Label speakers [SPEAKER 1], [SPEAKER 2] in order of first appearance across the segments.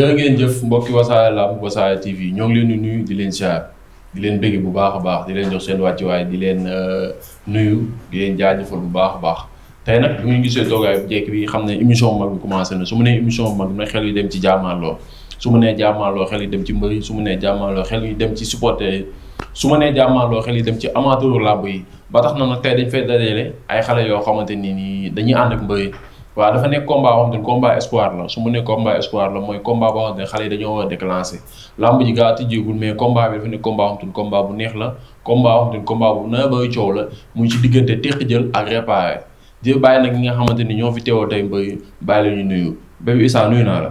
[SPEAKER 1] jërë ngeen jëf mbokki wasaare làmb wasaare TV ñoo ngi leen di nuyu di leen ziar di leen bëgg bu baax a baax di leen jox seen wàccuwaay di leen euh, nuyu di leen jaajëfal bu baax a baax tey nag bu ñu gisee toogaay bu jekk bi xam ne émission mag bi commencé na su mu émission mag na xel yi dem ci jaamaarloo su mu nee jaamaarloo xel yi dem ci mbër yi su mu nee jaamaarloo xel yi dem ci supporter yi su ma nee jaamaarloo xel yi dem ci amateuru làmb yi ba tax na nag tey dañ fay dajale ay xale yoo xamante ni nii dañuy ànd ak mbër waaw dafa nekk combat boo xam ne combat espoir la su mu nekk combat espoir la mooy combat boo xam ne xale yi dañoo war a déclenché lamb ji gaa tijjeegul mais combat bi dafa nekk combat boo xam ne combat bu neex la combat boo xam ne combat bu na bay coow la mu ci diggante teq jël ak réparé di bàyyi nag ñi nga xamante ni ñoo fi teewoo tey mbay bàyyi la ñu nuyu Bébé Issa nuyu naa la.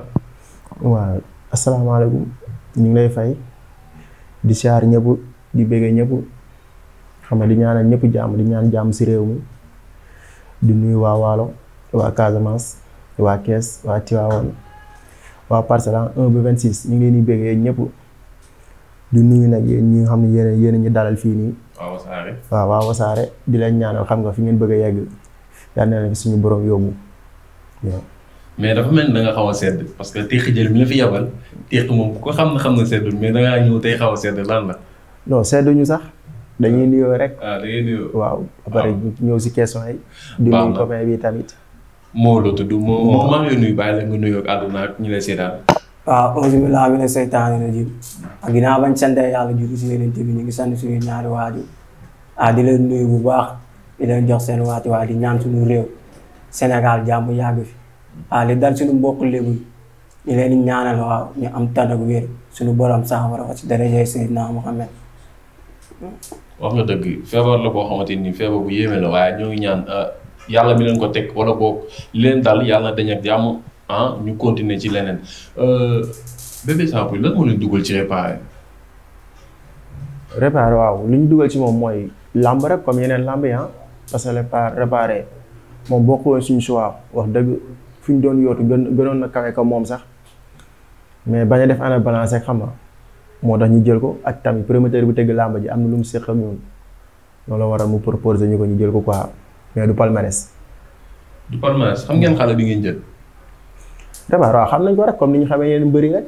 [SPEAKER 2] waaw asalaamaaleykum ñu ngi lay fay di siyaar ñëpp di bëggee ñëpp xam nga di ñaanal ñëpp jàmm di ñaan jàmm si réew mi di nuyu waa Waalo. waa Casamance waa Kees waa Tivaouane waa Parcelles bu ba 26 ñu ngi leen di bëgg yéen ñëpp du nuyu nag yéen ñi xam ne yéen yéen ñu dalal fii nii. waaw di leen ñaanal xam nga fi ngeen bëgg a yegg yal na leen suñu borom yóbbu
[SPEAKER 1] mais dafa mel ni da nga sedd parce que teex jël mi la fi yabal teex moom ku ko xam na xam na seddul mais da ngaa ñëw tey xaw sedd lan la.
[SPEAKER 2] non sedduñu sax. dañuy ah. nuyoo rek. Ah, da
[SPEAKER 3] ngay nuyoo. waaw ba ah. ñëw si question yi. baax na di nuyu tamit.
[SPEAKER 1] moo la tudd moo moo maa ngi lay nuyu bàyyi la nga nuyoo ak àdduna ak ñu lay seetaan.
[SPEAKER 3] waaw ah, auzu billaahi mina seytaani rajiim ak ginnaaw bañ sant yàlla juru si yeneen bi ñu ngi sant suñu ñaari waajur ah di leen nuyu bu baax di leen jox seen waati waaye di ñaan suñu réew Sénégal jàmm yàgg fi ah li dal suñu mbokk léegi ñu leen di ñaanal waaw ñu am tànn ak wér suñu borom saafara ko ci daraja Seydina Muhammad
[SPEAKER 1] wax nga dëgg feebar la boo xamante ni feebar bu yéeme la waaye ñoo ngi ñaan. Ah, yàlla mi leen ko teg wala boog li leen dal yàlla na dañ ak jàmm ah ñu continuer ci leneen euh, Bébé Samb lan moo leen dugal ci réparé.
[SPEAKER 2] réparé waaw lu ñu dugal ci moom mooy làmb rek comme yeneen làmb yi ah. parce que réparé moom boo ko woon suñu choix wax dëgg fu ñu doon yootu gën gënoon na kawe ko moom sax mais bañ a def ana balance xam na moo tax ñu jël ko ak tamit promoteur bu tëgg làmb ji am na lu mu séq ak ñun loolu la waral mu proposer ñu ko ñu jël ko quoi. mais du palmarès.
[SPEAKER 1] du palmarès xam ngeen xale bi ngeen jël.
[SPEAKER 2] Rebar waaw xam nañ ko rek comme ni ñu xamee yeneen mbëri rek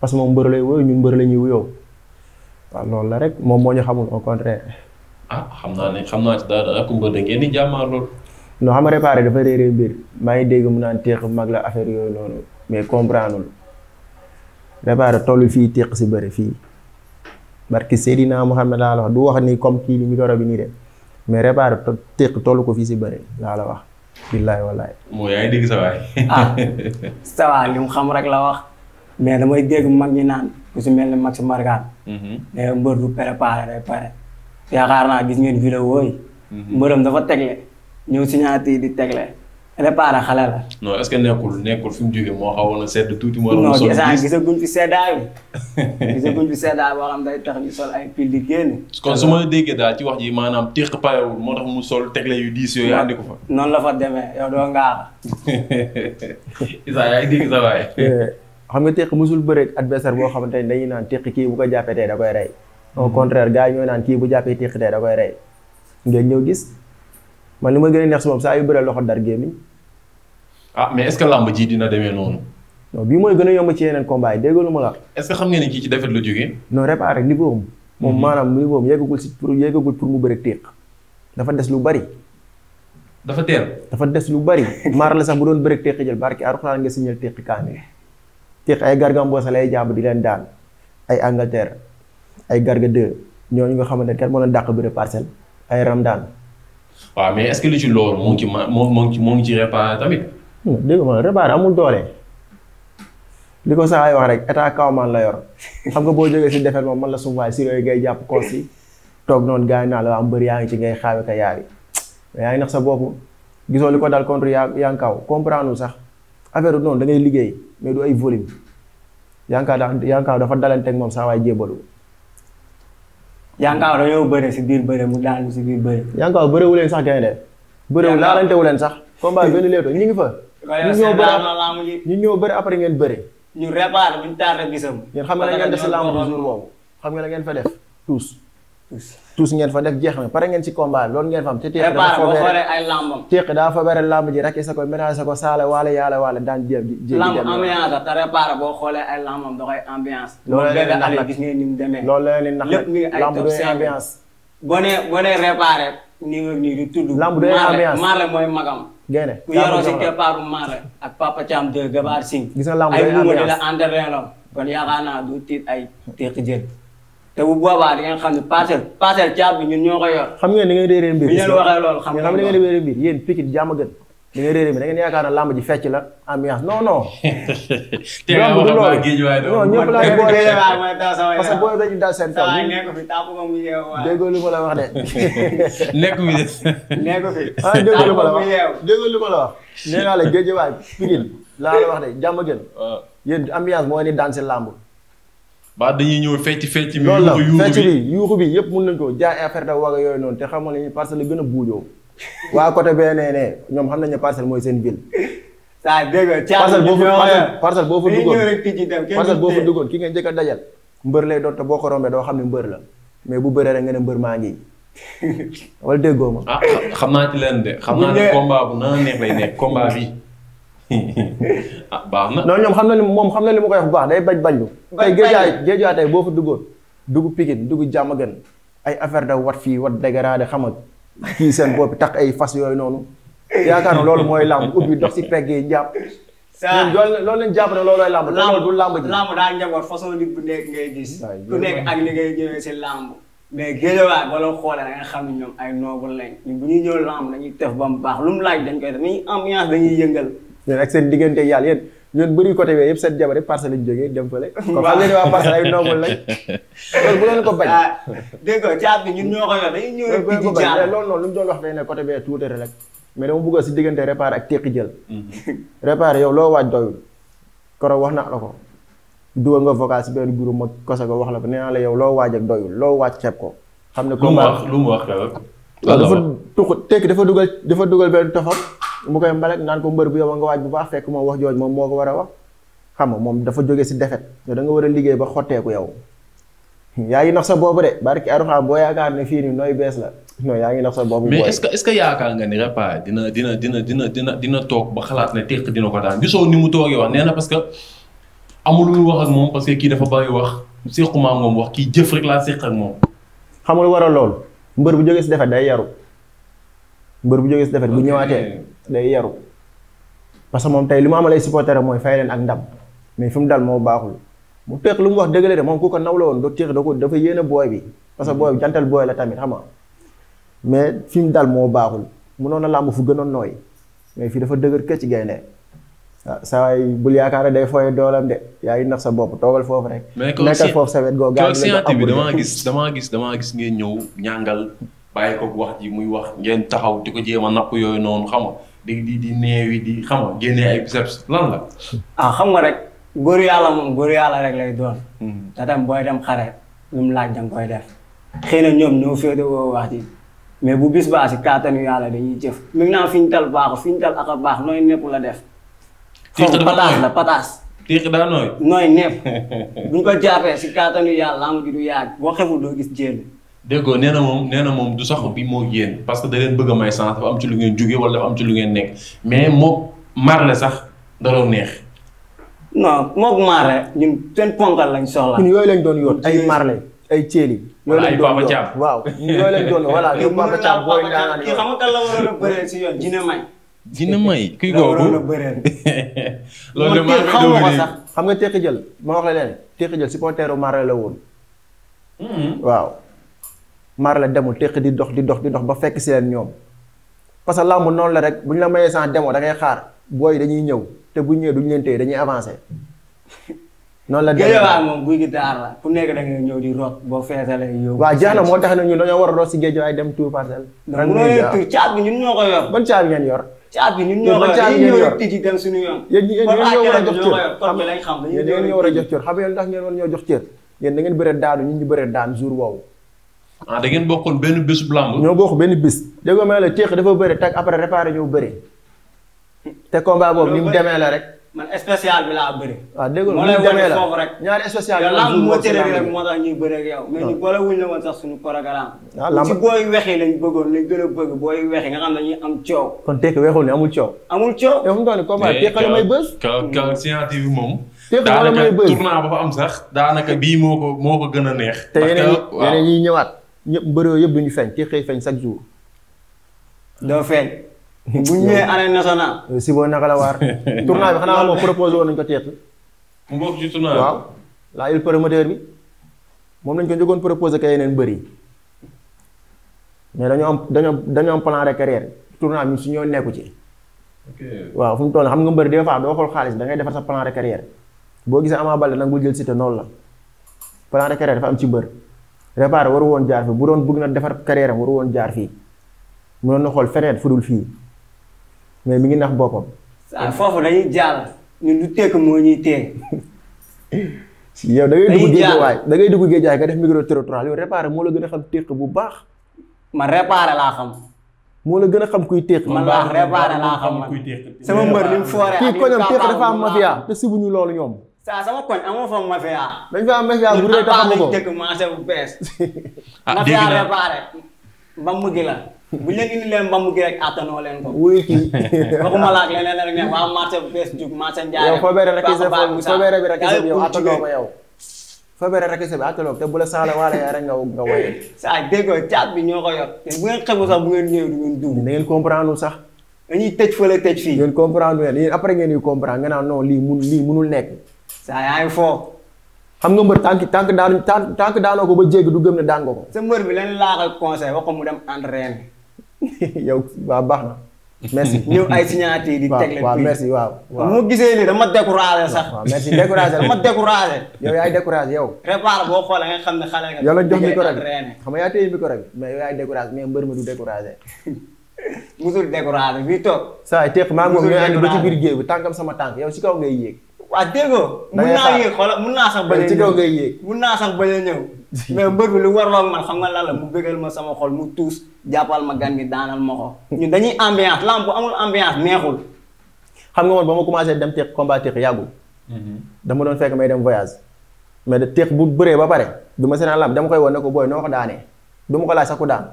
[SPEAKER 2] parce que moom mbër lay wuyoo ñun mbër la ñuy wuyoo waaw loolu la rek moom moo ñu xamul au contraire.
[SPEAKER 1] ah xam naa ne xam naa ci dara xam
[SPEAKER 2] nga réparé maa ngi dégg mu naan teex mag la affaire yooyu noonu mais comprendre lul réparé tollu fii teex si bëri fii barki Seydina Mouhamed laa la wax du wax ni comme kii ni micro bi nii de. mais réparé téq tollu ko fii si bëri laa la wax billaay wallaay.
[SPEAKER 1] moo yaay dégg sa
[SPEAKER 3] ah sa waay li mu xam rek la wax mais damay dégg mag ñi naan ku si mel ni Max Mbargane. Mhm. mais mbër du préparé day pare. yaakaar naa gis ngeen vidéo yi. Mhm. mbëram dafa tegle ñëw signature di tegle. réparé xale la.
[SPEAKER 1] non est-ce que nekkul nekkul fi mu jógee moo xawoon a sedd tuuti. moo doon sol non gisaguñ
[SPEAKER 3] fi seddaay kon su ma
[SPEAKER 1] déggee daal ci wax ji maanaam téq parewul mu sol tegle yu noonu la fa demee yow doo ngaaxa. Issa yaa ngi dégg sa waay. Eh,
[SPEAKER 2] xam nga téq musul bëreeg adversaire boo xamante ne dañuy naan téq kii bu ko jàppee tey da koy rey. au naan kii bu jàppee téq tey da koy rey ñëw gis. man li ma gën a neex si moom saa yu bëre loxo dar gémmiñ
[SPEAKER 1] ah mais est-ce que làmb ji dina demee noonu.
[SPEAKER 2] non bii mooy gën a yomb ci yeneen combat yi dégg lu ma la.
[SPEAKER 1] est xam ne kii ci defet la jógee.
[SPEAKER 2] non moom mhm. maanaam niveau am yeggagul si pour yeggagul pour mu bëre téq dafa des lu bari. dafa teel. dafa des lu bari. maar la sax bu doon bëre téq jël barki Alxuraan nga signal téq kaani téq ay gar gargambosa ay jàpp di leen daan ay Angleterre ay garga ñoo ñooñu nga xamante ne kat mën a dàq bëre parcelle ay Ramdaan.
[SPEAKER 1] waaw mais est-ce que li ci loolu moo ngi ci ma moo moo ngi ci moo ngi ci réparé tamit.
[SPEAKER 2] Hmm, dégg nga réparé amul doole. li ko saa yi wax rek état kaw man la yor xam nga boo jógee si defet moom man la souvent si yooyu ngay jàpp koos yi toog noonu gars yi naa la waa mbër yaa ngi ci ngay xaawe ka yaari yaa ngi nax sa bopp gisoo li ko dal contre Yankaw comprendre sax affaire bi noonu da ngay liggéey mais du ay volume Yankaw da Yankaw dafa dalanteeg moom saa waay jébalu.
[SPEAKER 3] Yankaw yow bëre
[SPEAKER 2] si biir bëre mu daanu si biir bëre. Yankaw bëre wu leen sax gaynde de. bëre laalante wu leen sax. combat benn leeto ñu ngi fa.
[SPEAKER 3] ñu ñoo bëre ñu ñoo bëre après ngeen bëre. ñu réparé bu ñu tardé gisam. ngeen xam nga la ngeen def si lamb du jour
[SPEAKER 2] boobu xam nga la ngeen fa def tous tous ngeen fa def jeex na pare ngeen ci combat loolu ngeen fa am te teeq daa fa bere lamb ji rek sa ko ménage sa ko saale waale yàlla waale daan jéem ji lamb ambiance la te
[SPEAKER 3] réparé boo xoolee ay lambam da koy ambiance loolu leen nax nag gis
[SPEAKER 2] ngeen ni mu demee loolu leen nax nag lamb du ambiance boo nee
[SPEAKER 3] boo nee réparé nii nga nii du tudd lamb du ambiance Marley mooy magam génne ku yaroo si keppaaru Marley ak Papa Thiam de Gabar Singh gis nga lamb ay bu ma di la entraîné kon yaakaar naa du tiit ay téq jël te bu boobaa di ngeen xam ne parcelle parcelle caab bi ñun ñoo ko yor.
[SPEAKER 2] xam ngeen da ngeen réeree mbir. bi ngeen xam mbir yéen Pikine jàmm gën. da ngeen réeree mbir da ngeen yaakaar na làmb ji fecc la ambiance non non.
[SPEAKER 4] tey nga wax ba géej waay non ñëpp la ñu boole
[SPEAKER 2] parce que booy dañu dal seen kaw. saa nekk fi
[SPEAKER 3] tàmpu ko mu yeewu waay. déggoo
[SPEAKER 2] li ma la wax de. gën. Ah. yéen ambiance moo ni daan seen
[SPEAKER 1] ba dañuy ñëw fecc fecc. mi yuuxu fecc bi
[SPEAKER 2] yuuxu bi yëpp mën nañ ko jaay affaire da waga yooyu noonu te xamoon nañu parcelle la gën a buujoo waa côté bee nee ne ñoom xam nañu parcelle mooy seen ville.
[SPEAKER 3] saa dégg nga parcelle boo fa parcelle boo fa duggoon parcelle boo fa duggoon
[SPEAKER 2] ki nga njëkk a dajal mbër lay doon te boo ko rombee doo xam ne mbër la mais bu bëree rek nga ne mbër maa ngi wala déggoo ma.
[SPEAKER 1] ah, ah xam naa ci leen de. xam naa ne combat bu naan neex lay nekk combat bi. ah baax na. non ñoom
[SPEAKER 2] xam na li moom xam na li mu ko wax bu baax day bañ bañ lu. tey géejaay géejaay tey boo fa duggoon dugg Pikine dugg Diamaguène ay affaire da wat fii wat dégradé xam nga kii seen bopp tax ay fas yooyu noonu yaakaar loolu mooy làmb ubbi dox si pegg jàpp. saa loolu loolu jàpp ne loolooy làmb. làmb du làmb ji làmb
[SPEAKER 3] daa njaboot façon nit bu nekk ngay gis. mais géejawaay ba loo xoolee da nga xam ne ñoom ay noble lañ. ñun ñuy ñëw làmb dañuy tef ba mu baax lu mu laaj dañ koy def ni ambiance dañuy yëngal
[SPEAKER 2] yéen ak seen diggante ak yàlla yéen ñun bëri côté bee yëpp seen jabar yëpp parcelle lañ jógee dem fële. waaw kon xam ngeen ne waa parcelle ay noobul
[SPEAKER 3] lañ. loolu bu leen ko bañ. ah dégg nga caab bi ñun ñoo ko yor dañuy ñëw rek. di di jaar loolu
[SPEAKER 2] noonu lu mu doon wax dañ ne côté bee tuuti rek. mais dama bëgg si diggante réparé ak tekki jël. Mm-hmm. réparé yow loo waaj doyul. koro wax na la ko. dugal nga vocal si benn groupe ma kosa ko wax la ko nee naa la yow loo waaj ak doyul loo waaj xeeb ko. xam ne lu mu wax lu mu wax dafa tuq tekki dafa dugal dafa dugal benn tofam mu koy mbalit naan ko mbër bu yow nga waaj bu baax fekk moom wax jooj moom moo ko war a wax xam nga moom dafa jóge si defet yow da nga war a liggéey ba xottee xotteeku yow yaa ngi nax sa boobu de barki aruxa boo yaakaar ne fii nii nooy bees la non yaa ngi nax sa boobu. mais est ce
[SPEAKER 1] que est ce que yaakaar nga ni Repaay dina dina dina dina dina dina toog ba xalaat ne teq dina ko daan gisoo ni mu toogee wax nee na parce que amul lu wax ak moom parce kii dafa bari wax sequma moom wax jëf rek laa seq ak moom. xamul waral loolu mbër bu jógee si defet day yaru
[SPEAKER 2] mbër bu jógee si defet bu ñëwaatee. day yaru parce que moom tey li mu amalee supporter mooy fay leen ak ndam mais fi mu dal moo baaxul mu teex lu mu wax dëgg de moom ku ko naw la woon do teex da ko dafa yéene booy bi parce que booy bi jantal booy la tamit mais fi mu dal moo baaxul munoon na làmb fu gënoon nooy mais fii dafa dëgër këcc gaynde waaw ah, saa yi bul yaakaar day fooy doolam de yaa ngi nax sa bopp toogal foofu rek. nekkal foofu sa wet googu. gaa bi damaa gis
[SPEAKER 1] damaa gis damaa gis ngeen ñëw ñàngal bàyyi ko wax ji muy wax ngeen taxaw di ko jéem a napp yooyu noonu xam di di di neewi di xam nga génnee ay biceps lan la.
[SPEAKER 3] ah xam nga rek góor yàlla moom góor yàlla rek lay doon. da hmm. tam booy dem xare lu mu laaj da nga koy def. xëy na ñoom ñoo féete woo wax ji mais bu bis baa si kattanu yàlla dañuy jëf. mi fi ñu tal baaxul fi ñu tal ak a baax nooy nepp la def.
[SPEAKER 1] tiix pataas la pataas. tiix daa nooy. nooy nepp bu ñu ko jàppee
[SPEAKER 3] si kattanu yàlla laa ma ji du yàgg boo xeful doo
[SPEAKER 1] déggoo nee moom nee na moom du sax bi moo yéen parce que da leen bëgg a may sens dafa am ci lu ngeen jóge wala dafa am ci lu ngeen nekk mais mook Marley sax daloo neex.
[SPEAKER 3] non mook Marley ñun seen ponkal lañ soxla. ñun yooyu lañ
[SPEAKER 2] doon yoon ay Marley ay Thiely. yooyu lañ doon yoon
[SPEAKER 3] waaw yooyu lañ doon voilà a si yoon dina may.
[SPEAKER 1] dina may kuy googu loolu de maa ngi xaw
[SPEAKER 2] sax xam nga Tekki Jël ma wax la leen Tekki Jël supporteru Marley la woon hmm. maar la demul teq di dox di dox di dox ba fekk si leen ñoom parce que làmb noonu la rek bu ñu la mayee sans demoo da ngay xaar booy dañuy ñëw
[SPEAKER 3] te bu ñëwee du leen téye dañuy
[SPEAKER 2] avancé. noonu la
[SPEAKER 3] la ku nekk da nga ñëw di root boo feesalee yow. waaw jeex na moo tax
[SPEAKER 2] ne ñun dañoo war a root si géej waaye dem tuur parcelle.
[SPEAKER 3] ren ñu caab bi ñun ñoo ko yor. ban caab ngeen yor. caab bi ñun war
[SPEAKER 2] a jox cër kon lañ xam dañuy war a jox cër xam ngeen ndax ngeen war ñoo jox cër yéen da ngeen bëre daanu ñun ñu bëre daan jour woowu
[SPEAKER 1] ah da ngeen bokkoon benn bésub làmb. ñoo bokk benn bés.
[SPEAKER 2] déggoo ma la Teex dafa bëri teg après réparé ñëw bëri. te combat boobu ni mu demee la rek.
[SPEAKER 3] man spécial bi laa bëri.
[SPEAKER 2] waaw ah, déggoo ni mu demee la foofu rek. moo tere
[SPEAKER 3] ñuy bëri ak yow. mais ah. suñu programme. waaw ah, làmb ci weexee lañ bëggoon lañ gën a bëgg booy weexee nga xam ne dañuy am coow. kon
[SPEAKER 2] Teex amul coow.
[SPEAKER 3] amul coow yow fu mu toll nii combat eh, Teex
[SPEAKER 1] moom. teex wala ba fa am sax daanaka bii moo ko moo ko gën a neex. te yeneen
[SPEAKER 2] ñuy ñëwaat ñëpp mbërëw yëpp duñu feeñ kii xëy feeñ chaque jour. doo feeñ. bu ñu ñëwee arène nationale. Euh, si boo naka la waar. tournoi bi xanaa moom proposé woon nañu ko teet. mu bokk ci tournoi waaw. la il promoteur bi moom lañ ko njëkkoon proposé ka yeneen am dañoo am plan de carrière tournoi bi su ñoo nekku ci. waaw fu mu toll xam nga mbëri des fois doo xool xaalis dangay ngay defar sa palan de carrière boo gisee amaa Baldé nag mu jël Siteu noonu la plan de carrière dafa am ci mbër. réparé waru woon jaar fii bu doon bëgg na defar carrière am waru woon jaar fii mënoon na xool feneen fu dul fii mais mi ngi nax boppam.
[SPEAKER 3] ah foofu dañuy jaar ñun du tekk moo ñuy tee.
[SPEAKER 2] yow da ngay dugg géej waay da ngay dugg géej waay nga def micro territoire yow réparé la gën a xam bu baax.
[SPEAKER 3] man réparé laa xam.
[SPEAKER 2] gën a xam kuy teq. man laa réparé laa xam
[SPEAKER 4] man sama mbër ni mu fooree.
[SPEAKER 2] ak kii koñam teq dafa loolu ñoom.
[SPEAKER 3] saa sama koñ amoo fa mafia.
[SPEAKER 2] dañ fa am mafia bu rëy taxamu ko dëkk
[SPEAKER 3] marché bu bees. ah gi la bu leen indi mu mbambu gi rek attanoo leen ko. wuy kii waxuma la ak leneen rek ne waa marché bu bees jug marché njaay. yow fobeere sa fobeere bi rek
[SPEAKER 2] nga nga woye. saa déggoo caat bi ñoo ko yor te bu ngeen xebu sax bu ngeen ñëw du ngeen dugg. da ngeen comprendre sax. dañuy tëj fële tëj fii. ngeen comprendre yéen après ngeen yu comprendre nga naan lii mun lii munul nekk saa yaa ngi foo. xam nga mbër tànk tànk daanu tànk daanoo ko ba jéggi du gëm ne daan ko. sa mbër bi lan laa koy conseil ko mu dem entraîner. yow waaw baax na. merci ñëw ay signature di. teg leen waaw merci waaw. waaw mu gisee nii dama
[SPEAKER 3] découragé sax. waaw merci découragé dama découragé. yow yaay découragé yow. réparé boo xoolee nga xam ne xale nga. yow la jox micro bi
[SPEAKER 2] xam nga yaa téye micro mais yow yaay découragé mais mbër ma du découragé. musul découragé bii toog. saa yi teq maa ngi moom ñooy ci biir géew bi tànkam sama
[SPEAKER 3] tànk yow si kaw ngay yéeg. waa déggoo. mun naa sax bañ a ñëw ci kaw ngay yéeg. mun naa sax bañ a ñëw. mais mbër bi lu warloon man xam nga lan la mu bëggal ma sama xol mu tuus jàppal ma gan gi daanal ma ko. ñun dañuy ambiance lamb bu amul ambiance
[SPEAKER 2] neexul. xam nga man ba ma commencé dem teex combat teex yàggul. Mhm. dama doon fekk may dem voyage. mais de teex bu bëree ba pare du ma seenaan lamb dama koy wane ko booy noo ko daanee du ko laaj sax ku daan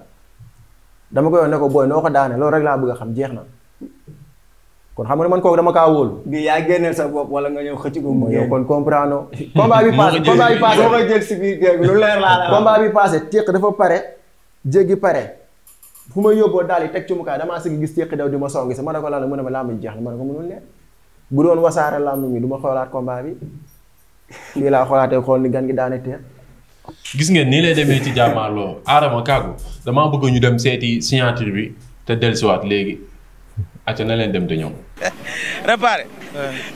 [SPEAKER 2] dama koy won ko booy noo ko daanee loolu rek laa bëgg a xam jeex na. kon xam nga ne man kooku dama kaa wóolu.
[SPEAKER 3] bii yaa génneel sa bopp wala nga ñëw xëcc ko mu yow
[SPEAKER 2] kon comprendre. combat bi passé combat bi passé. ma jël si biir téq dafa pare jéggi pare fu ma yóbboo daal yi teg ci mu kaay damaa sëgg gis téq daw di ma songi sa ma ne ko lan la mu ne ma làmb ji jeex na ma ne ko mënul leer bu doon wasaare làmb mi du xoolaat combat bi lii laa xoolaatee xool ni gan gi daane téq
[SPEAKER 1] gis ngeen nii lay demee ci jàmmaarloo Adama Kaagu damaa bëgg ñu dem seeti signature bi te dellusiwaat léegi acca na leen dem te ñoom.
[SPEAKER 5] réparé.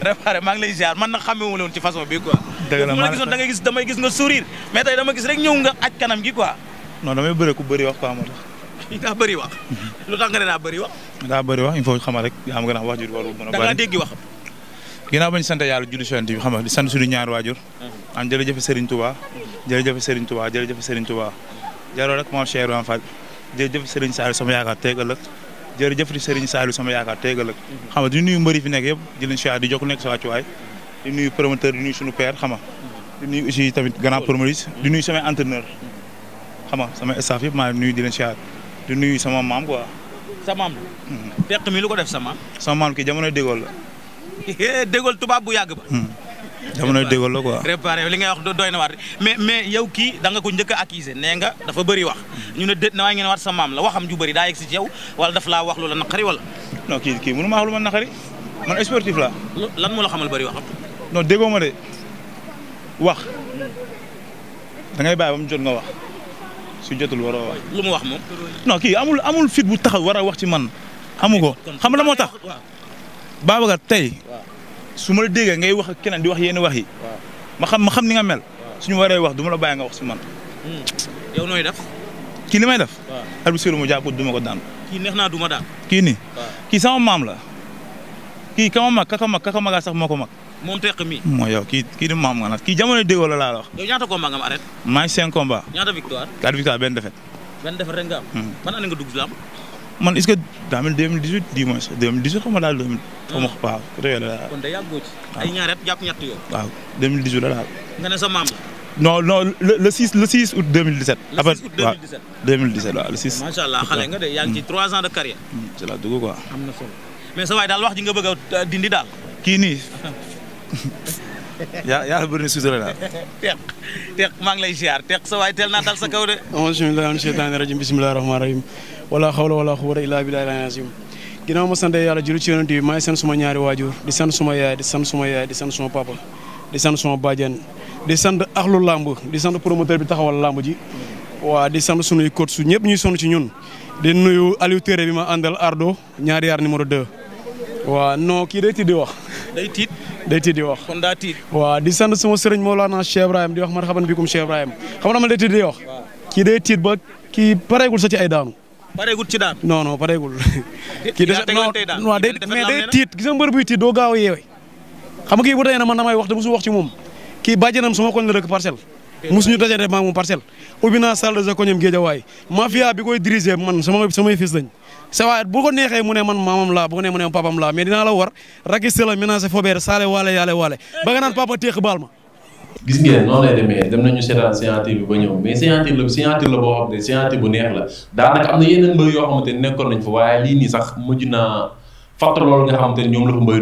[SPEAKER 5] réparé maa ngi lay ziar man nag wu woon ci façon bi quoi.
[SPEAKER 6] dëgg la maa da ngay
[SPEAKER 5] gis damay gis nga sourire mais dama gis rek ñëw nga aj kanam gi quoi.
[SPEAKER 6] non damay bëre ku bëri wax quoi moo
[SPEAKER 5] tax. daa bëri wax. lu tax nga ne daa
[SPEAKER 6] wax. daa bëri wax rek yaa am nga wax jur warul mën a. da ngaa dégg wax. ginnaaw bañ sant yàlla julli sant bi xam nga di sant suñu ñaar waajur. Mm-hmm. am jërëjëf Serigne Touba. jërëjëf Serigne Touba jërëjëf Serigne Touba. jaroo rek moom Cheikh Ibrahima Fall jërëjëf Serigne Sall sama yaakaar teeg jërëjëf di Serigne sama yaakaar teegal ak xam nga di nuyu mbëri fi nekk yëpp di leen siyaar di jokk nekk sa wàccuwaay di nuyu promoteur di nuyu suñu père xam nga di aussi tamit grand promoteur di nuyu samay entraîneur xam sama staff yëpp maa nuyu di leen siyaar di nuyu sama maam quoi
[SPEAKER 5] sa maam teq hmm. mi lu ko def sama maam
[SPEAKER 6] sama maam ki jamono dégool
[SPEAKER 5] la dégool tubaab bu yàgg ba hmm.
[SPEAKER 6] jamonoy déggoon la quoi.
[SPEAKER 5] réparé li ngay wax doy na waat mais mais yow kii da nga ko njëkk a accusé nee nga dafa bari wax mm. ñu ne déet na waa waat sa maam la waxam ju bëri daa yegg si ci yow wala daf laa wax loola naqari wala.
[SPEAKER 6] non kii kii mënu ma wax lu ma naqari man sportif la
[SPEAKER 5] lan moo la xamal bëri wax.
[SPEAKER 6] non déggoo ma de wax da ngay bàyyi ba mu jot nga wax su jotul waroo wax. lu mu wax moom. non kii amul amul fit bu taxaw war a wax ci man. amu ko xam nga moo tax Babacar tey. su ma la déggee ngay wax ak keneen di wax yenn wax yi. ma xam ma xam ni nga mel. suñu waree wax du ma la bàyyi nga wax si man. Hmm. yow def. kii li may def. waaw arbitre mu jàpp du ma ko daan.
[SPEAKER 5] kii neex naa du ma daan.
[SPEAKER 6] kii nii. kii sama maam la. kii kama mag kaka mag kaka magaa sax moo ko mag. moom teq mi. mooy yow kii kii di maam nga nag kii jamono déggoo la laa la wax.
[SPEAKER 5] yow ñaata combat nga am
[SPEAKER 6] arrêté. maa ngi cinq combat. ñaata victoire. quatre victoire benn défaite. benn défaite rek nga am. Hmm. nga dugg si man est-ce que daa mel 2018 dimanche 2018 xam nga daal 2000. xam nga waaw réew la daal. la daal.
[SPEAKER 5] nga ne sa maam la.
[SPEAKER 6] non non le le 6 le 6 août 2017. après waaw 2017 waaw le
[SPEAKER 5] allah xale nga de yaa ci 3 mm. ans de carrière.
[SPEAKER 6] Mm, ci laa dugg quoi.
[SPEAKER 5] mais sa waay daal wax ji nga bëgg dindi daal. kii nii.
[SPEAKER 6] yaa yaa la bëri sutura daal.
[SPEAKER 5] teq teq maa ngi lay ziar teq sa waay teel naa dal sa kaw de.
[SPEAKER 4] auzu billaahi mina sheytaani rajiim bismillaahi rahmaani rahiim wala xawla wala xuwwata illaa billaahi al-aliyyi al-aziim ma sant yàlla julli ci yonent di maa ngi sant suma ñaari waajur di sant suma yaay di sant suma yaay di sant suma papa di sant suma di sant axlu làmb di sant promoteur bi taxawal làmb ji waa di sant sunuy coach su ñëpp ñuy sonn ci ñun di nuyu Aliou Téré bi ma àndal Ardo ñaari yaar numéro 2 waa non kii day tiit di wax. daa waaw di sant sama sëriñ Mawlana Cheikh Ibrahim di wax marhaban bikum Cheikh Ibrahim xam nga man day tiit di kii day tiit ba kii pareegul sa ci ay daanu. pareegul ci daan non non pareegul. kii des non non day mais day tiit gis nga mbër buy tiit doo gaaw a yeewee. xam nga kii bu tey na man damay wax te musu wax ci moom kii bàjjanam sama koñ la dëkk parcelle. musu ñu dajante maa ngi moom parcelle. ubbi naa salle de sa waay ma mafia bi koy diriger man sama samay fils lañ sa waay bu ko neexee mu ne man maamam laa bu ko neexee mu ne papam laa mais dinaa la war rakiste la ménagé fobeer saale waale yaale waale ba nga naan papa téex baal ma
[SPEAKER 1] gis ngeen noonu lay demee dem nañu seetaan signature bi ba ñëw mais signature la bu neex la daanaka na yeneen mbër yoo xamante ne nekkoon nañ fa waaye lii nii sax mujj naa fàttali loolu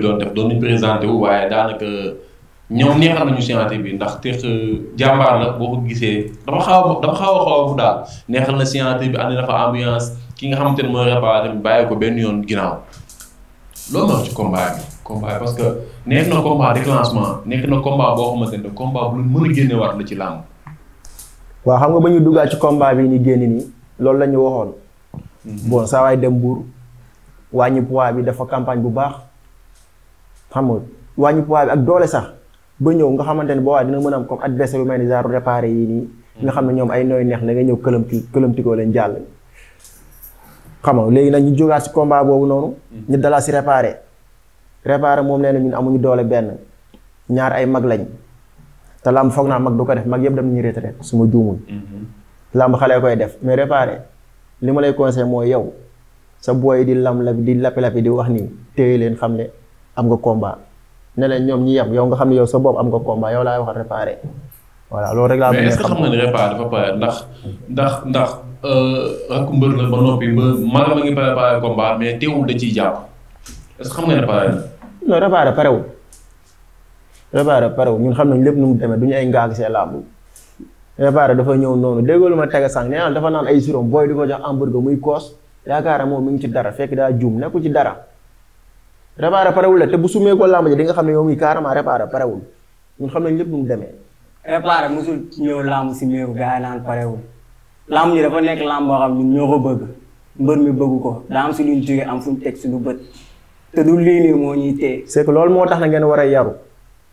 [SPEAKER 1] ko def doon nañ présenté waaye daanaka ñoom neexal nañu signature bi ndax teex jàmbaar la boo ko gisee dafa xaw dafa xaw a xaw daal neexal na signature bi ànd na fa ki nga xamante ne mooy Repa tamit bàyyi benn yoon ginnaaw loolu noonu ci combat bi combat nekk na combat déclenchement nekk na combat boo xamante ne combat bu mën a génneewaat la ci làmb.
[SPEAKER 2] waaw xam nga ba ñu duggaat ci combat bi ni génn nii loolu la ñu waxoon. Mhm. bon saa waay dem buur wàññi poids bi dafa campagne bu baax xam nga wàññi poids bi ak doole sax ba ñëw nga xamante ne boo waaye dina mën a am comme adversaire yu mel ni genre réparé yi nii. nga xam ne ñoom ay nooy neex na nga ñëw këlëm këlëmtikoo leen jàll. xam nga léegi nag ñu jógaat si combat boobu noonu. ñu mm-hmm. dalaa si réparé. réparé moom nee na ñun amuñu doole benn ñaar ay mag lañ te làmb foog naa mag du ko def mag yëpp dem nañu retraite su ma juumul. Mm-hmm. làmb xale koy def mais réparé li ma lay conseil mooy yow sa booy di lam la di lapi lapi di wax ni téye leen xam ne am nga combat ne leen ñoom ñi yem yow nga xam ne yow sa bopp am nga combat yow laay waxal réparé
[SPEAKER 1] ni réparé dafa pare ndax ndax ndax. Euh, ak mais teewul da ciy xam nga ne pare
[SPEAKER 2] na. parewul réparé parewul ñun xam nañ lépp nu mu demee du ñu ay ngaag see làmb réparé dafa ñëw noonu déggoo lu ma tege sànq nee naa dafa naan ay suróom booy di ko jox hamburger muy koos yaakaar moom mi ngi ci dara fekk daa juum nekku ci dara réparé parewul la te bu sumee ko làmb ji di nga xam ne yow mii carrément réparé parewul ñun xam nañ lépp nu mu demee.
[SPEAKER 3] réparé mosul ñëw làmb si meeku gars yi naan parewul lamb ji dafa nekk lamb boo xam ñun ñoo ko bëgg mbër mi bëggu ko daa am si luñ jóge am fu ñu teg si lu bët te du lii moo ñuy téye.
[SPEAKER 2] c'est loolu moo tax na ngeen war a yaru.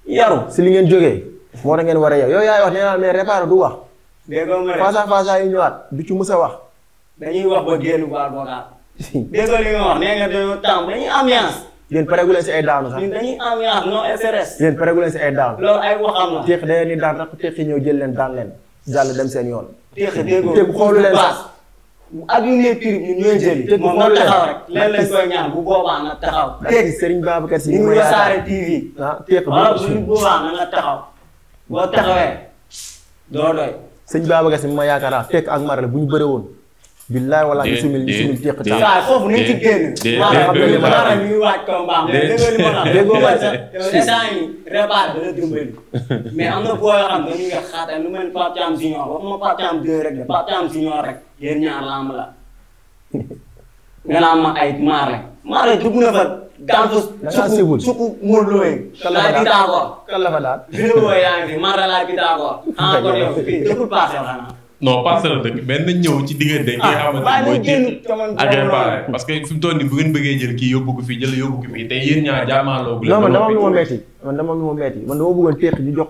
[SPEAKER 2] yaru si li ngeen jógee. moo tax ngeen war a yaru yow yaay wax nee naa mais Réparé wax. déggoo ma face à face yi ñëwaat ci mus a wax.
[SPEAKER 3] dañuy wax ba génn baal boogaal. déggoo li nga wax nee nga dañoo tàmm dañuy ambiance. yéen pareegu leen si ay daanu sax. ñun dañuy ambiance non SRS. yéen
[SPEAKER 2] pareegu leen si ay daanu. loolu ay waxam la. teex da ngeen di daan rek teex ñëw jël leen daan leen. jàll dem seen yoon. teexe déggoo tegu xoolu leen sax ak yu ne prix ñun ñooy jëli tegu xoolu leen taxaw rek leen
[SPEAKER 3] lañ koy ñaan bu boobaa nga taxaw
[SPEAKER 2] teg Serigne Babacar Sy ñu ngi Wassare TV ah teg wala bu
[SPEAKER 3] boobaa na nga taxaw boo taxawee doo doy
[SPEAKER 2] Serigne Babacar Sy ma yaakaar teg ak marale bu ñu bëre woon billaay wala nga simil simil teq taal.
[SPEAKER 3] waaw foofu nañ ci
[SPEAKER 4] génn. maanaam maanaam
[SPEAKER 3] waaj combat mais déggoo li ma la déggoo ma sax instant yi repas dana dimbali mais am na boo yoo xam dañuy nga xaatal lu mel ni Pape Thiam Junior waxuma la am la ma ay maare maare dugg na fa suku suku laa bi d'accord fa daal vidéo yaa ngi fi maare laa bi d'accord xanaa ah, kon yow fii dëkkul paase xanaa
[SPEAKER 1] non parce que dëkk mais nañ ñëw ci diggante kii ah, xamante mooy jiitu ak réparé parce que fi mu toll nii bu ngeen bëggee jël kii yóbbu ko fii jël yóbbu ko fii te yéen ñaa jaamaaloo bu non man dama lu ma
[SPEAKER 2] metti man dama lu ma metti man dama bëggoon téex di jox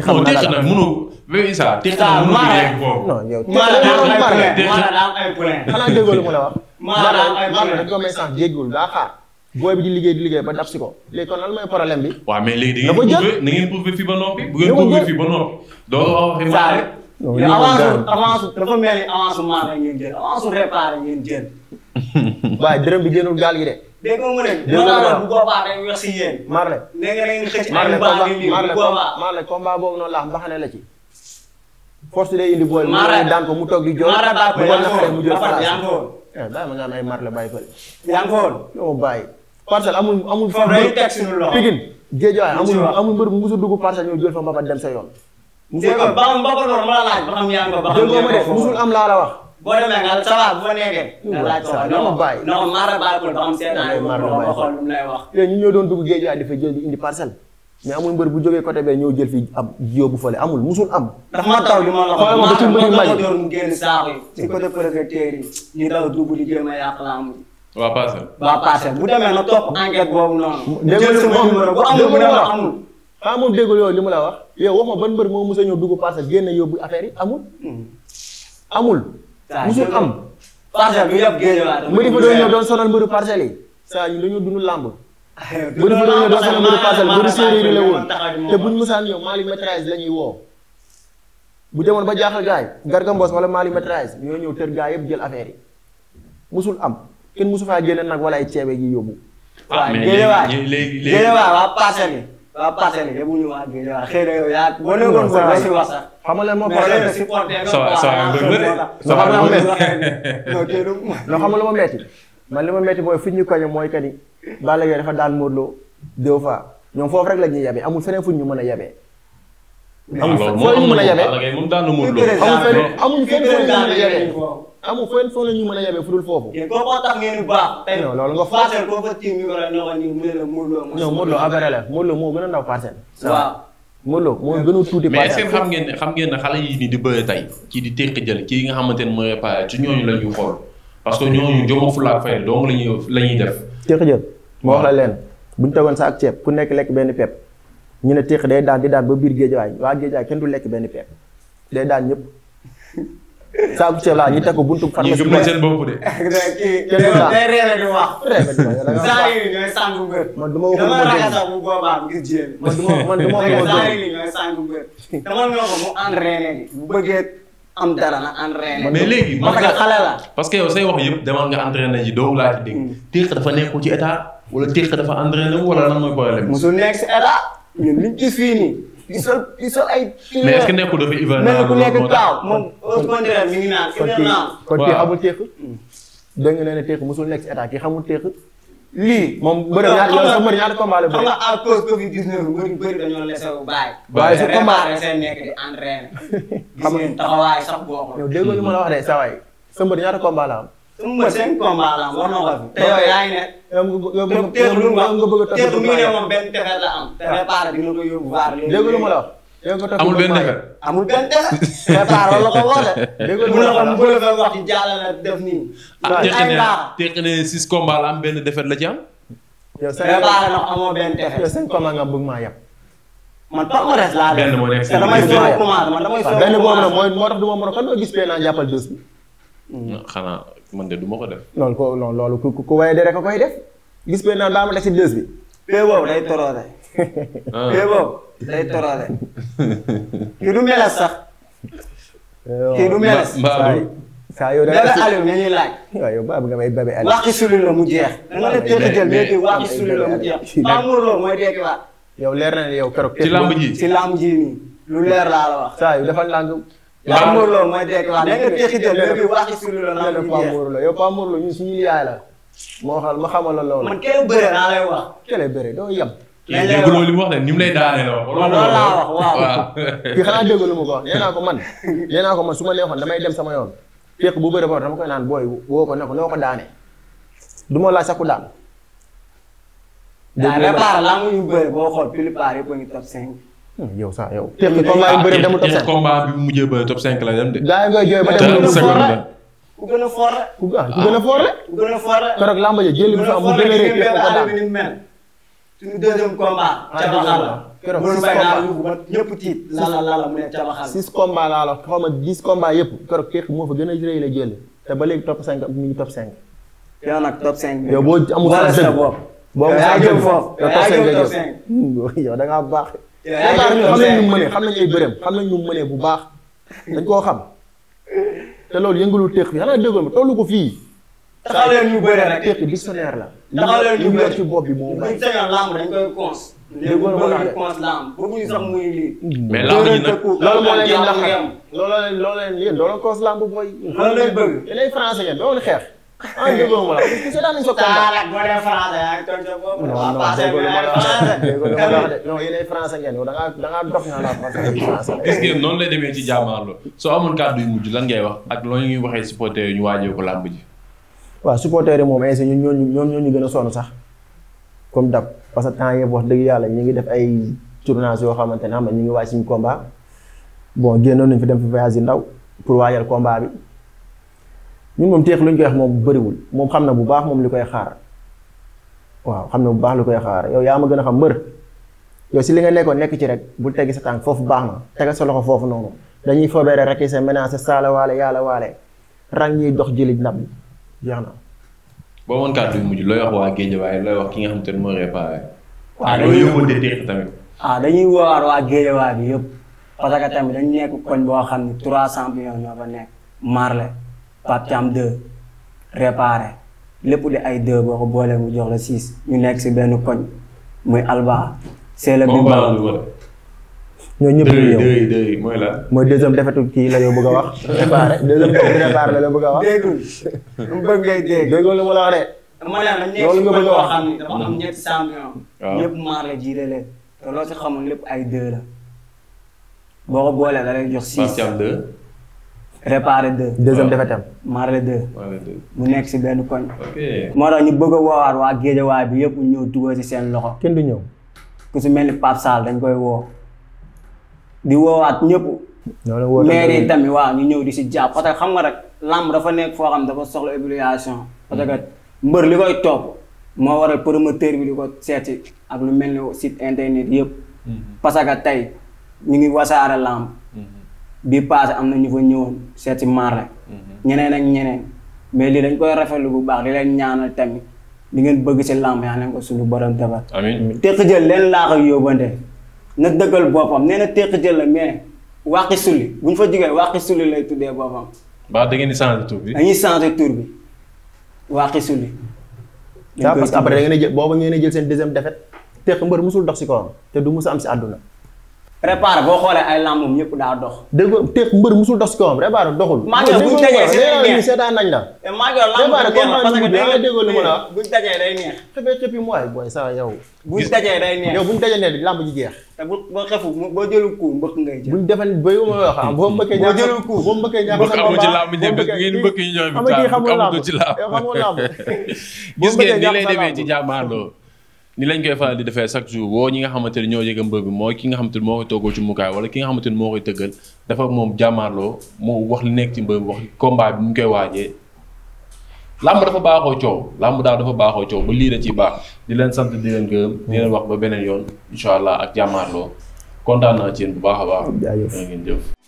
[SPEAKER 2] xanaa déggoo lu mu wax booy bi di liggéey di liggéey ba dab si ko
[SPEAKER 1] léegi kon lan mooy problème bi. waaw mais léegi da ngeen prouvé fii ba noppi. bu ngeen prouvé fii ba noppi. donc wax waxi rek. avance
[SPEAKER 3] avance dafa mel ni avance maanaam ngeen jël avance réparé ngeen jël.
[SPEAKER 2] waaye dërëm bi génnul gaal gi de.
[SPEAKER 3] dégg nga mu ne. dégg nga bu boobaa day wax
[SPEAKER 2] si yéen. Marley léegi da ngeen xëcc ay baax yi bu boobaa. Marley combat boobu noonu la mbaxane la ci. force day indi booy. Marley daan ko mu toog di jooy. Marley daa ko yaa ngi woon mu jël place. bàyyi ma nga am ay Marley bàyyi ko. yaa ngi woon. yow bàyyi. parcelle amul amul. foofu day teg suñu loxo Pikine Géejawaay amul amul mbër bu yoon.
[SPEAKER 3] musul am ba mbapat loolu ma la laaj ba ba xam laa la wax. boo demee nga ça sa waay non non Mara Baye ba xam seen ay ma xool lu wax.
[SPEAKER 2] te ñu ñoo doon dugg Géejawaay dafa jël indi parcelle. mais amul mbër bu jógee côté bee ñëw jël fi ab yóbbu am.
[SPEAKER 3] ndax ma taw li ma la wax ma ma ma doon mu génn saako yi. a waa parcelle. waa parcelle bu demee na topp enquête boobu noonu. déglu sama numéro bu amul bu demee amul.
[SPEAKER 2] ah moom déggul yow li mu la wax yow wax ma ban mbër moo mos a ñëw dugg parcelle génn yóbbu affaire yi amul. amul. musul am.
[SPEAKER 3] parcelle bi yëpp géej waat. mbëri fa doon ñëw doon
[SPEAKER 2] sonal mbëru parcelle yi. saa ñu dañoo dund làmb. mbëri fa doon ñëw doon sonal mbëru parcelle mbëru séeréer yi la woon. te buñ mosaan ñëw Malick Matraise la ñuy woo. bu demoon ba jaaxal gaay Garga Mbossé wala Malick Matraise ñoo ñëw tër gaay yëpp jël affaire yi musul am kenn mosu faa génne nag wala ay ceebe gi yóbbu.
[SPEAKER 4] Ah, waa waa ni
[SPEAKER 3] waa passé ni yóbbuñu waa génne waa xëy na yow yaa boo nekkoon ko si wax sax.
[SPEAKER 2] xam nga lan moo problème si porté. sa ñu koñe mooy que ni Balla Gaye la ñuy yabee fu ñu mën a yabee. amul feneen fu ñu mën a yabee.
[SPEAKER 6] Ah, amul feneen
[SPEAKER 1] fu ñu mën a yabee.
[SPEAKER 3] amul fenn foo leen ñu mën a yebee fu dul foofu. yéen kooku moo tax ngeen di baax. tey eh loolu nga fa parcelle koo fa tiim ñu ko la ñoo ni mu ne la Modou Lo. non Modou Lo affaire la
[SPEAKER 2] Modou Lo moo gën a ndaw parcelle. waaw Modou Lo moo gën a tuuti parcelle. mais est-ce que xam
[SPEAKER 1] ngeen ne xam ngeen ne xale yi nii di bëre tey kii di téq jël kii nga xamante ne mooy réparé ci ñooñu la ñuy xool parce que ñooñu jom fulaak fay donc la ñuy la ñuy def.
[SPEAKER 2] téq jël ma wax la leen bu ñu tegoon sa ak ceeb ku nekk lekk benn pepp ñu ne téq day daan di daan ba biir géej waay waa géej waay kenn du lekk benn pepp day daan ñëpp saaku ceeb laa ñu teg ko buntu farmasi ñu jublu seen
[SPEAKER 1] bopp de.
[SPEAKER 3] kenn du saa day réeré di wax. saa yi ñooy sàngu mbër. ne ko mu entraîné que xale la.
[SPEAKER 1] parce que yow say wax yëpp demal nga entraîné ci dégg. Mm. Tekk dafa nekkul
[SPEAKER 3] ci di sol di sol ay. mais est-ce que nekkul dafa
[SPEAKER 1] hivernal
[SPEAKER 2] loolu moo
[SPEAKER 3] tax mi ngi naan hivernal. kon kii xamul teex.
[SPEAKER 2] dégg nga ne teex mosul nekk si état kii xamul teex. lii moom bëri na yow sax bëri ñaata
[SPEAKER 3] combat la bëri. xam nga à cause Covid 19 bëri bëri dañoo laissé wu bàyyi. bàyyi su combat seen nekk di entraîné. xam nga taxawaay sax boo ko. yow déggoo li ma la wax
[SPEAKER 2] de saa waay sa mbër ñaata combat la
[SPEAKER 3] Eumeu Sène combat la war na ko fi. te yow yaa ngi ne. teeku lu mu wax teeku mi ngi ne moom benn tefet la am. te réparé dina ko yóbbu vaar léegi. dégg lu mu la wax. amul benn tefet amul benn tefet. réparé wala ko woote. dégg lu mu la wax mu la wax ci jàll la def nii.
[SPEAKER 1] Ah, ay baara teeku ne six combat la am benn defet la ci am. yow seen réparé
[SPEAKER 2] na amoo benn tefet. yow seen combat nga bëgg maa yab. man Pape Maurice laa leen. benn
[SPEAKER 1] moo nekk seen damay soog a commencé man damay soog a commencé. benn
[SPEAKER 2] boobu nag mooy moo tax du ma mën a kon doo gis pee naa jàppal dos bi.
[SPEAKER 1] xanaa. man de
[SPEAKER 2] du ko def. loolu ko loolu ku ku waaye de rek a koy def gis nga naan daa ma def ci bi. pee boobu day toroore. Ah. pee boobu
[SPEAKER 3] day toroore. kii du melas sax.
[SPEAKER 2] kii du melas. saa yow da nga def
[SPEAKER 3] Aliou nañuy laaj. yow ba am nga may babe Aliou. waxi sulu la mu jeex. da nga def tekki jël mais waxi sulu la mu jeex. Mamour
[SPEAKER 2] Lo mooy tekki waat. yow leer na ne yow keroog. ci lamb ji ci lu leer laa la wax. saa yow dafa làng. yaa Mor Lo mooy déclenché nga texital léegi waxi sulu la naa def Pape Mor Lo yow Pape Mor Lo ñun suñu yaay la moo xam ma xamal la loolu man kenn bëre naa lay wax kenn bëre doo yem
[SPEAKER 1] déglu li mu wax de ni mu lay daane la wax loolu laa wax waaw fii
[SPEAKER 2] xanaa déglu mu ko wax nee naa ko man nee naa ko man su ma neexoon damay dem sama yoon fekk bu bëre ba dama koy naan booy woo ko ne ko noo ko daane du ma laaj sakku daan
[SPEAKER 6] dégg nga réparé
[SPEAKER 3] laa mu ñu bëre boo xool plus part yëpp a ngi top 5
[SPEAKER 1] Hmm, yow sax yow. tekki combat yi bëri dem de. gaa ngay jooy ba demul
[SPEAKER 3] ku gën a fort rek. ku gën a fort rek. gën a fort rek. keroog lamba ja jël bi fa am ko la mu ne ca baxal. six combat
[SPEAKER 2] laa la yëpp. keroog képp moo fa gën a jël te ba léegi top 5 mu ngi top 5.
[SPEAKER 3] yow nag top 5. yow boo boo amul sa bopp. foofu
[SPEAKER 2] yow top 5 yow da baax. Dakar ñun xam nañ ñu mënee xam nañ ay bërëm xam nañ ñu mënee bu baax dañ koo xam te loolu yëngalul téex bi xanaa déggoon ma tollu ko fii. taxaw leen ñu bëre rek téex bi dictionnaire la. taxaw leen ñu bëre li ci bopp bi moo. buñ sañoon lamb
[SPEAKER 3] dañ koy cons. déggoon ma la léegi cons lamb bëgguñu sax muy lii. mais lamb ji nag loolu moo leen di ndax
[SPEAKER 2] loolu leen loolu leen yéen doo leen cons lamb booy. loolu leen bëgg yéen ay français ngeen doo leen xeex.
[SPEAKER 3] ah déggoo ma la seetaan nañu
[SPEAKER 2] sa que
[SPEAKER 1] noonu lay demee ci jàmmaarloo soo amoon kàddu yu mujj lan ngay wax ak loo ñuy waxee supporter yi ñu waajee ko làmb ji.
[SPEAKER 2] waaw supporter yi moom ay ñun ñoo ñu ñoo ñu gën a sonn sax comme dab parce que temps yëpp wax dëgg yàlla ñu ngi def ay tournage yoo xamante ne xam nga ñu ngi waaj suñu combat bon génnoon nañ fi dem fi voyage yi ndaw pour waajal combat bi ñun moom teex lu ñu koy wax moom bëriwul moom xam na bu baax moom li koy xaar waaw xam na bu baax li koy xaar yow yaa ma gën a xam mbër yow si li nga nekkoon nekk ci rek bul teggi foofu baax na tegal sa foofu noonu dañuy fobeere rek sa menace saala yàlla waale rang ñuy dox jëli ndam
[SPEAKER 3] jeex na.
[SPEAKER 1] boo mën kàddu yu mujj looy wax waa géej waaye ne moo réparé. waaw ah, dañuy yóbbante teex tamit.
[SPEAKER 3] ah dañuy woowaat waa bi yëpp parce que tamit koñ boo xam ne trois champions ñoo fa nekk Marley Pape Thiam 2 réparé lépp li ay de boo ko boolee mu jox la 6 ñu nekk si benn koñ muy Alba.
[SPEAKER 1] Sélé bi Mbalang ñoo ñëpp yow mooy la. mooy
[SPEAKER 2] kii la yow bëgg a wax. réparé la la
[SPEAKER 1] bëgg a wax. déggul lu bëgg
[SPEAKER 3] ngay dégg. déggul mu la wax de. ma ne la bëgg a wax xam ne dafa am ñetti champion. waaw ñëpp maar la jiite leen te loo si xamul lépp ay deux la boo ko boolee da lay jox
[SPEAKER 1] six. Pape
[SPEAKER 3] réparé deux. deuxième ah. défaite am. mu nekk si benn koñ. moo tax ñu bëgg a woowaat waa géejawaay bi yëpp ñëw dugal si seen loxo. kenn du ñëw. ku si mel ni Pape Sall dañ koy woo. di woowaat ñëpp. loolu woo yi tamit waaw ñu ñëw di si jàpp parce que xam nga rek làmb dafa nekk foo xam dafa soxla évaluation. parce mbër li koy topp. moo waral promoteur bi di ko seeti ak lu mel ni site internet yëpp. Mm-hmm. parce que tey ñu ngi wasaare làmb. bii passé am na ñu fa ñëwoon seet si Marley mhm. ñeneen ak ñeneen mais lii dañ koy rafetlu bu baax di leen ñaanal tamit li ngeen bëgg si làmb yaa leen ko suñu borom defar amiin teq jël leen laa ko yóbbante na dëggal boppam ne na teq jël la mais wàqi sulli bu ñu fa jógee wàqi sulli lay tuddee boppam
[SPEAKER 1] baax da ngeen di changer tur bi dañuy changer
[SPEAKER 3] tur bi
[SPEAKER 2] wàqi sulli
[SPEAKER 1] parce que après da ngeen
[SPEAKER 2] jël booba ngeen jël seen deuxième défaite teq mbër musul dox si koom te du mu sa am si àdduna
[SPEAKER 3] préparé boo xoolee ay lamb moom ñëpp daa dox.
[SPEAKER 2] dégg nga teex mbër musul dox si kawam préparé doxul. maa bu la. Eh,
[SPEAKER 3] maa da nga déggoo li ma la bu ñu dajee day neex. xëfee xëfi mooy booy saa yow. bu ñu dajee day neex yow bu xefu boo jëlul ku mbëkk ngay
[SPEAKER 2] jël. bu ñu defal ba yow ma wax ah boo mbëkkee ñàkk boo bëgg ngeen mbëkk ñu ñooy bi taa xamul ci
[SPEAKER 1] lamb gis ni lañ koy faral di defee chaque jour woo ñi nga xamante ni ñoo yëg mbër bi mooy ki nga xamante ni moo koy toggoo ci mukaay wala ki nga xamante moo koy tëggal dafa moom jàmmaarloo moo wax li nekk ci mbër bi wax combat bi mu ngi koy waajee làmb dafa baaxoo coow làmb daal dafa baaxoo coow ba lii da ciy baax di leen sant di leen gërëm di leen wax ba beneen yoon incha allah ak jàmmaarloo kontaan naa ci yéen bu baax a baax. jërëjëf